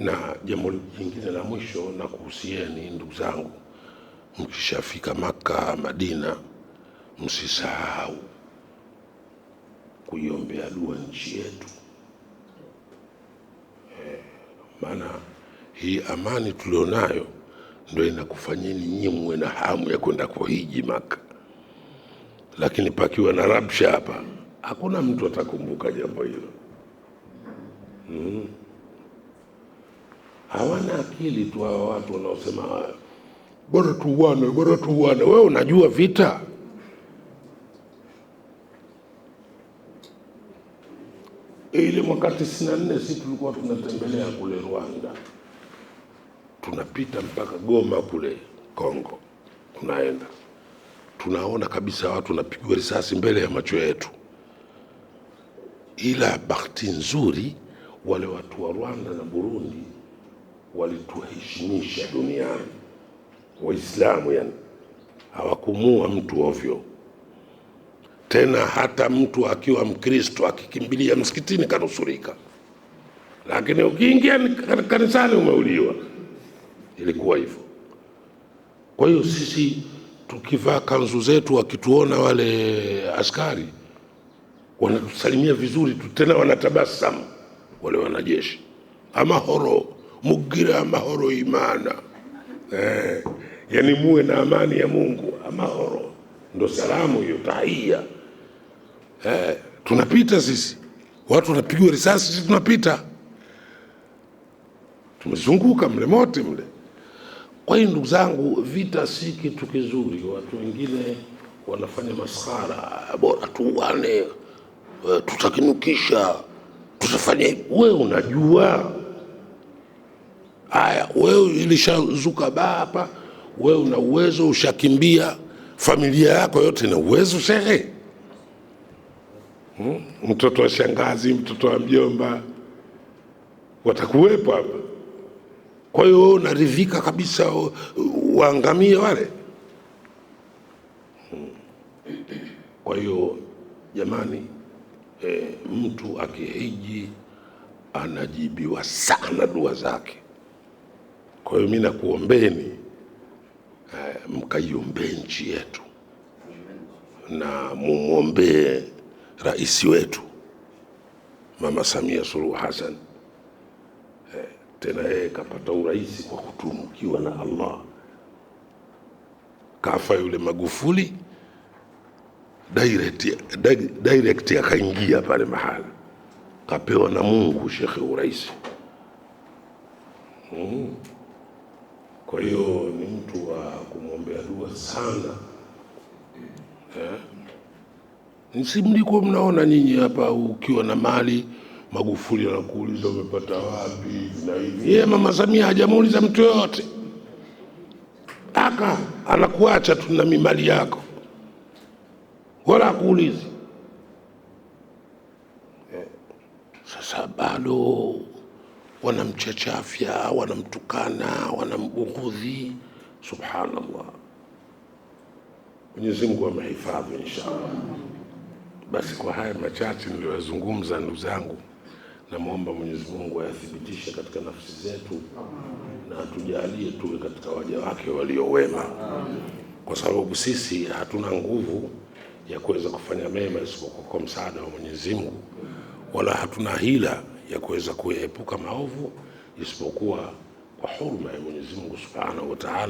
Na jambo jingine la mwisho na kuhusieni, ndugu zangu, mkishafika Maka, Madina, msisahau kuiombea dua nchi yetu eh, maana hii amani tulionayo ndio inakufanyeni nyinyi mwe na hamu ya kwenda kuhiji Maka, lakini pakiwa na rabsha hapa, hakuna mtu atakumbuka jambo hilo mm hawana akili tu hawa watu wanaosema haya, bora tuuane, bora tuuane. Wewe unajua vita ili mwaka nne si tulikuwa tunatembelea kule Rwanda, tunapita mpaka Goma kule Kongo, tunaenda tunaona kabisa watu wanapigwa risasi mbele ya macho yetu, ila bahati nzuri wale watu wa Rwanda na Burundi walituheshimisha duniani Waislamu, yani hawakumua mtu ovyo. Tena hata mtu akiwa Mkristo akikimbilia msikitini kanusurika, lakini ukiingia kanisani umeuliwa. Ilikuwa hivyo. Kwa hiyo sisi tukivaa kanzu zetu, wakituona wale askari wanatusalimia vizuri, tu tena wanatabasamu wale wanajeshi ama horo mugira amahoro imana eh, yani muwe na amani ya mungu amahoro ndo salamu hiyo tahia eh, tunapita sisi watu wanapigwa risasi sisi tunapita tumezunguka mle mote mle kwa hiyo ndugu zangu vita si kitu kizuri watu wengine wanafanya maskhara bora tuane eh, tutakinukisha tutafanya wewe unajua Haya, wewe ilishazuka baa hapa, wewe una uwezo, ushakimbia familia yako yote ina uwezo shehe, hmm? mtoto wa shangazi, mtoto wa mjomba watakuwepo hapa. Kwa hiyo wewe unaridhika kabisa waangamie wale. Hmm. Kwa hiyo jamani, eh, mtu akihiji anajibiwa sana dua zake. Kwa hiyo mimi nakuombeni eh, mkaiombee nchi yetu na mumwombee rais wetu Mama Samia Suluhu Hassan. Eh, tena yeye kapata urais kwa kutunukiwa na Allah. Kafa yule Magufuli direct, direct akaingia pale mahala kapewa na Mungu shekhe urais hmm. Kwa hiyo ni mtu wa kumwombea dua sana eh? Nsi mlikuwa mnaona nyinyi hapa, ukiwa na mali Magufuli anakuuliza umepata wapi na hivi. Yeye mama Samia hajamuuliza mtu yoyote, aka anakuacha tu na mali yako, wala akuulizi eh? Sasa bado wanamchachafya, wanamtukana, wanambughudhi. Subhanallah, Mwenyezi Mungu amehifadhi inshallah. Basi kwa haya machache niliyozungumza, ndugu zangu, namwomba Mwenyezi Mungu ayathibitishe katika nafsi zetu na atujalie tuwe katika waja wake waliowema, kwa sababu sisi hatuna nguvu ya kuweza kufanya mema isipokuwa kwa msaada wa Mwenyezi Mungu, wala hatuna hila ya kuweza kuyaepuka maovu isipokuwa kwa huruma ya Mwenyezi Mungu Subhanahu wa Ta'ala.